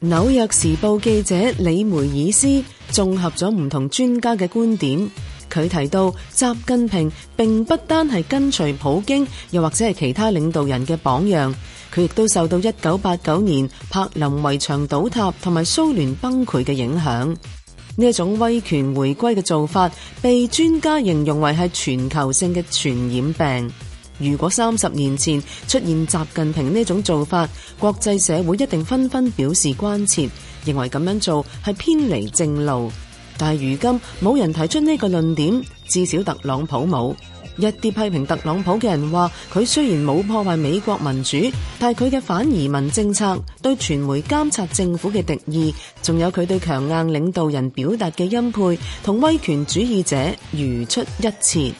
紐約時報記者李梅爾斯綜合咗唔同專家嘅觀點，佢提到習近平並不單係跟隨普京，又或者係其他領導人嘅榜樣，佢亦都受到一九八九年柏林圍牆倒塌同埋蘇聯崩潰嘅影響。呢一種威權回歸嘅做法，被專家形容為係全球性嘅傳染病。如果三十年前出現習近平呢種做法，國際社會一定紛紛表示關切，認為咁樣做係偏離正路。但係如今冇人提出呢個論點，至少特朗普冇。一啲批評特朗普嘅人話，佢雖然冇破壞美國民主，但係佢嘅反移民政策、對傳媒監察政府嘅敵意，仲有佢對強硬領導人表達嘅欽佩，同威權主義者如出一轍。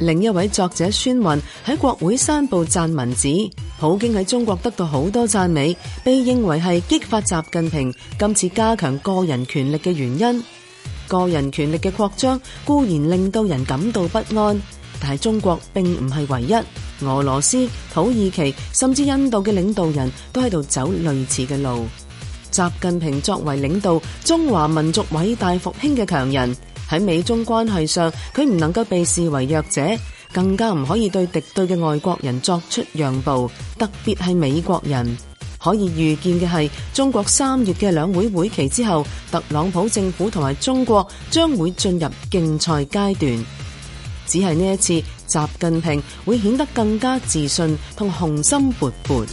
另一位作者孫芸喺國會山報撰文指，普京喺中國得到好多讚美，被認為係激發習近平今次加強個人權力嘅原因。個人權力嘅擴張固然令到人感到不安，但係中國並唔係唯一，俄羅斯、土耳其、甚至印度嘅領導人都喺度走類似嘅路。習近平作為領導中華民族偉大復興嘅強人。喺美中關係上，佢唔能夠被視為弱者，更加唔可以對敵對嘅外國人作出讓步，特別係美國人。可以預見嘅係，中國三月嘅兩會會期之後，特朗普政府同埋中國將會進入競賽階段。只係呢一次，習近平會顯得更加自信同雄心勃勃。